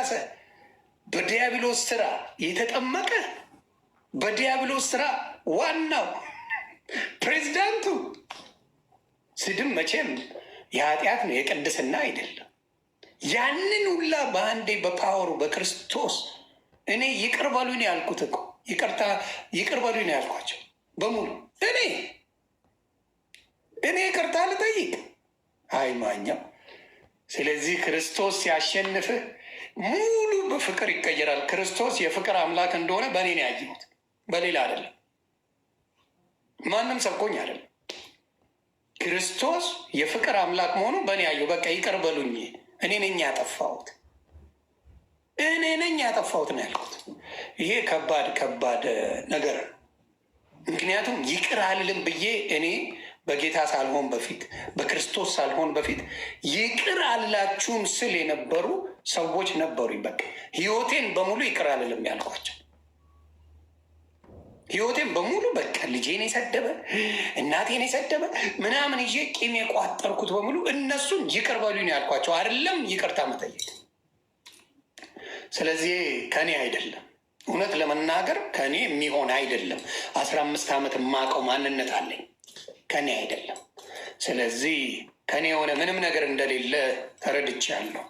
የተያዘ በዲያብሎስ ስራ የተጠመቀ በዲያብሎስ ስራ ዋናው ፕሬዚዳንቱ ስድም መቼም የኃጢአት ነው፣ የቅድስና አይደለም። ያንን ሁላ በአንዴ በፓወሩ በክርስቶስ እኔ ይቅር በሉኝ ያልኩት እኮ ይቅርታ ይቅር በሉኝ ያልኳቸው በሙሉ እኔ እኔ ይቅርታ ልጠይቅ አይ ማኛው። ስለዚህ ክርስቶስ ሲያሸንፍህ ሙሉ በፍቅር ይቀየራል። ክርስቶስ የፍቅር አምላክ እንደሆነ በእኔ ነው ያየሁት፣ በሌላ አይደለም። ማንም ሰብኮኝ አይደለም። ክርስቶስ የፍቅር አምላክ መሆኑ በእኔ ያየሁ። በቃ ይቅር በሉኝ፣ እኔ ነኝ ያጠፋሁት፣ እኔ ነኝ ያጠፋሁት ነው ያልኩት። ይሄ ከባድ ከባድ ነገር ነው። ምክንያቱም ይቅር አልልም ብዬ እኔ በጌታ ሳልሆን በፊት በክርስቶስ ሳልሆን በፊት ይቅር አላችሁም ስል የነበሩ ሰዎች ነበሩ። በቃ ህይወቴን በሙሉ ይቅር አልልም ያልኳቸው ህይወቴን በሙሉ በቃ ልጄን የሰደበ እናቴን የሰደበ ምናምን ይዤ ቂም የቋጠርኩት በሙሉ እነሱን ይቅር በሉኝ ያልኳቸው አይደለም ይቅርታ መጠየቅ። ስለዚህ ከኔ አይደለም እውነት ለመናገር ከኔ የሚሆን አይደለም። አስራ አምስት ዓመት የማውቀው ማንነት አለኝ ከኔ አይደለም። ስለዚህ ከእኔ የሆነ ምንም ነገር እንደሌለ ተረድቻለሁ።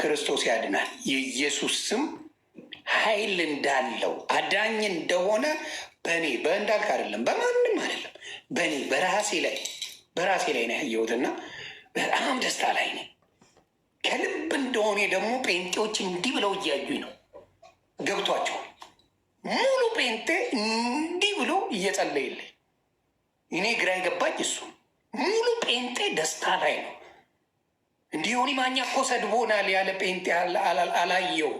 ክርስቶስ ያድናል። የኢየሱስ ስም ኃይል እንዳለው አዳኝ እንደሆነ በእኔ በእንዳልክ አይደለም፣ በማንም አይደለም፣ በእኔ በራሴ ላይ በራሴ ላይ ነው ያየሁትና በጣም ደስታ ላይ ነኝ። ከልብ እንደሆነ ደግሞ ጴንጤዎች እንዲህ ብለው እያዩኝ ነው። ገብቷቸው ሙሉ ጴንጤ እንዲህ ብሎ እየጸለየልኝ እኔ ግራ የገባኝ እሱ ሙሉ ጴንጤ ደስታ ላይ ነው። እንዲህ ማኛ እኮ ሰድቦናል ያለ ጴንጤ አላየው።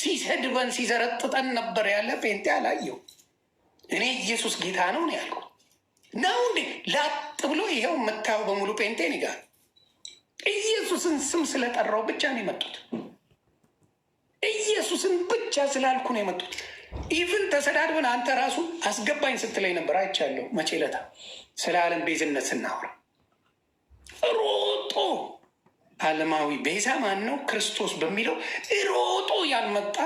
ሲሰድበን ሲዘረጥጠን ነበር ያለ ጴንጤ አላየው። እኔ ኢየሱስ ጌታ ነው ነው ያልኩት ነው እንዴ ላጥ ብሎ ይኸው የምታየው በሙሉ ጴንጤ እኔ ኢየሱስን ስም ስለጠራው ብቻ ነው የመጡት። ኢየሱስን ብቻ ስላልኩ ነው የመጡት። ኢቭን ተሰዳድበን አንተ ራሱ አስገባኝ ስትለኝ ነበር አይቻለሁ። መቼ ለታ ስለ ዓለም ቤዝነት ስናወራ ሮጦ አለማዊ ቤዛ ማን ነው? ክርስቶስ በሚለው ሮጦ ያልመጣ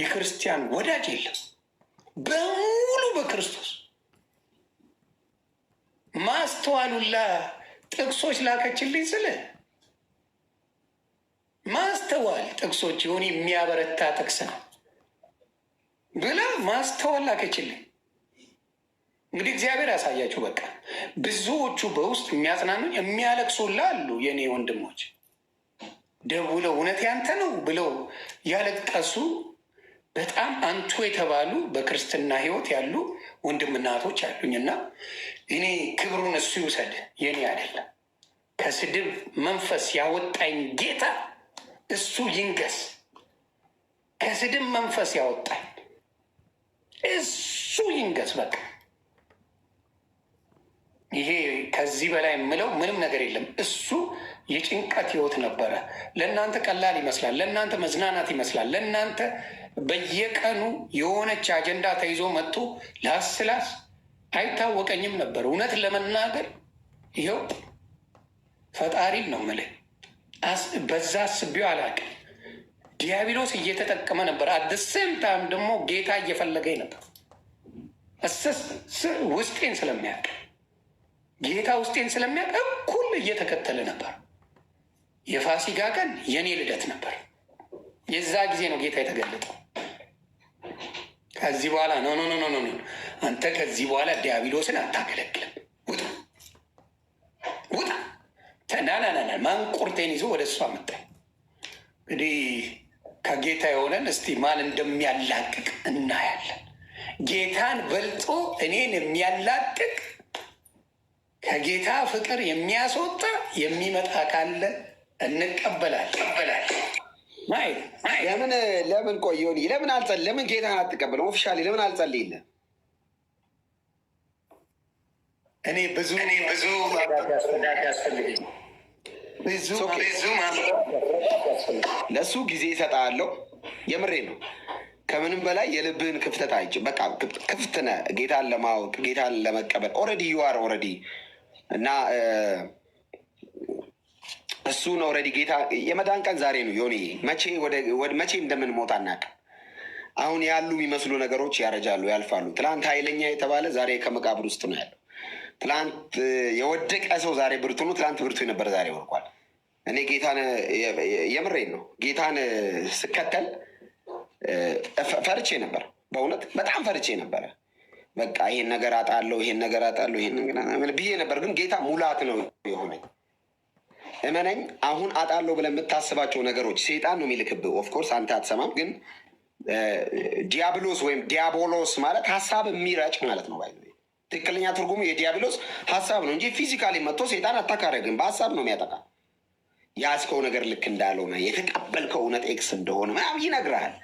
የክርስቲያን ወዳጅ የለም። በሙሉ በክርስቶስ ማስተዋሉላ ጥቅሶች ላከችልኝ ስለ ማስተዋል ጥቅሶች የሆነ የሚያበረታ ጥቅስ ነው ብላ ማስተዋል ላከችልኝ። እንግዲህ እግዚአብሔር ያሳያችሁ። በቃ ብዙዎቹ በውስጥ የሚያጽናኑኝ የሚያለቅሱላ አሉ የእኔ ወንድሞች ደውለው እውነት ያንተ ነው ብለው ያለቀሱ በጣም አንቱ የተባሉ በክርስትና ሕይወት ያሉ ወንድምናቶች እህቶች አሉኝና እኔ ክብሩን እሱ ይውሰድ፣ የኔ አይደለም። ከስድብ መንፈስ ያወጣኝ ጌታ እሱ ይንገስ። ከስድብ መንፈስ ያወጣኝ እሱ ይንገስ በቃ ይሄ ከዚህ በላይ የምለው ምንም ነገር የለም። እሱ የጭንቀት ህይወት ነበረ። ለእናንተ ቀላል ይመስላል፣ ለእናንተ መዝናናት ይመስላል። ለእናንተ በየቀኑ የሆነች አጀንዳ ተይዞ መጥቶ ላስላስ አይታወቀኝም ነበር። እውነት ለመናገር ይኸው ፈጣሪን ነው የምልህ፣ በዛ አስቤው አላውቅም። ዲያብሎስ እየተጠቀመ ነበር። አደሴም ታም ደግሞ ጌታ እየፈለገኝ ነበር ውስጤን ስለሚያውቅ ጌታ ውስጤን ስለሚያውቅ እኩል እየተከተለ ነበር። የፋሲጋ ቀን የኔ ልደት ነበር። የዛ ጊዜ ነው ጌታ የተገለጠው። ከዚህ በኋላ ኖ ኖ ኖ ኖ፣ አንተ ከዚህ በኋላ ዲያብሎስን አታገለግልም፣ ውጣ ውጣ። ተናናናና ማንቁርቴን ይዞ ወደ እሷ መጣ። እንግዲህ ከጌታ የሆነን እስቲ ማን እንደሚያላቅቅ እናያለን። ጌታን በልጦ እኔን የሚያላቅቅ ከጌታ ፍቅር የሚያስወጣ የሚመጣ ካለ እንቀበላል ለምን ለምን ቆየ ለምን አልጸ ለምን ጌታን አትቀበለ ኦፊሻሊ ለምን አልጸልይልህ? እኔ ብዙ እኔ ብዙ ብዙ ለእሱ ጊዜ ይሰጣለው። የምሬ ነው። ከምንም በላይ የልብህን ክፍተት አይቼ በቃ ክፍት ነህ ጌታን ለማወቅ ጌታን ለመቀበል ኦልሬዲ ዩ አር ኦልሬዲ እና እሱ ነው ኦልሬዲ ጌታ የመዳን ቀን ዛሬ ነው። ዮኒ መቼ እንደምንሞት አናውቅም። አሁን ያሉ የሚመስሉ ነገሮች ያረጃሉ፣ ያልፋሉ። ትላንት ኃይለኛ የተባለ ዛሬ ከመቃብር ውስጥ ነው ያለው። ትላንት የወደቀ ሰው ዛሬ ብርቱ ነው። ትላንት ብርቱ የነበረ ዛሬ ወርቋል። እኔ ጌታን የምሬን ነው። ጌታን ስከተል ፈርቼ ነበር፣ በእውነት በጣም ፈርቼ ነበረ። በቃ ይሄን ነገር አጣለሁ፣ ይሄን ነገር አጣለው፣ ይሄን ነገር ብዬ ነበር። ግን ጌታ ሙላት ነው የሆነኝ። እመነኝ፣ አሁን አጣለው ብለህ የምታስባቸው ነገሮች ሴጣን ነው የሚልክብህ። ኦፍኮርስ አንተ አትሰማም፣ ግን ዲያብሎስ ወይም ዲያቦሎስ ማለት ሀሳብ የሚረጭ ማለት ነው። ባይ ትክክለኛ ትርጉሙ የዲያብሎስ ሀሳብ ነው እንጂ ፊዚካሊ መጥቶ ሴጣን አታካረግን፣ በሀሳብ ነው የሚያጠቃ። ያዝከው ነገር ልክ እንዳልሆነ የተቀበልከው እውነት ኤክስ እንደሆነ ምናምን ይነግርሃል።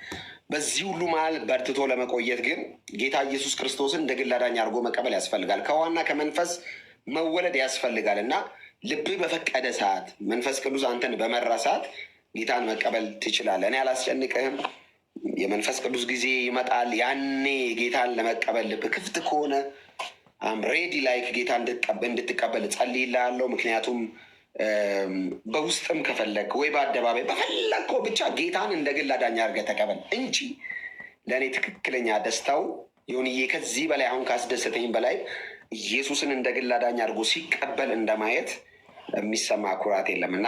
በዚህ ሁሉ መሀል በርትቶ ለመቆየት ግን ጌታ ኢየሱስ ክርስቶስን እንደ ግል አዳኝ አድርጎ መቀበል ያስፈልጋል። ከዋና ከመንፈስ መወለድ ያስፈልጋል እና ልብህ በፈቀደ ሰዓት መንፈስ ቅዱስ አንተን በመራ ሰዓት ጌታን መቀበል ትችላለህ። እኔ አላስጨንቅህም። የመንፈስ ቅዱስ ጊዜ ይመጣል። ያኔ ጌታን ለመቀበል ልብ ክፍት ከሆነ ሬዲ ላይክ ጌታ እንድትቀበል እጸልይልሃለሁ ምክንያቱም በውስጥም ከፈለግ ወይ በአደባባይ በፈለግ ብቻ ጌታን እንደ ግል አዳኝ አድርገህ ተቀበል እንጂ ለእኔ ትክክለኛ ደስታው ይሁንዬ ከዚህ በላይ አሁን ካስደሰተኝ በላይ ኢየሱስን እንደ ግል አዳኝ አድርጎ ሲቀበል እንደማየት የሚሰማ ኩራት የለም እና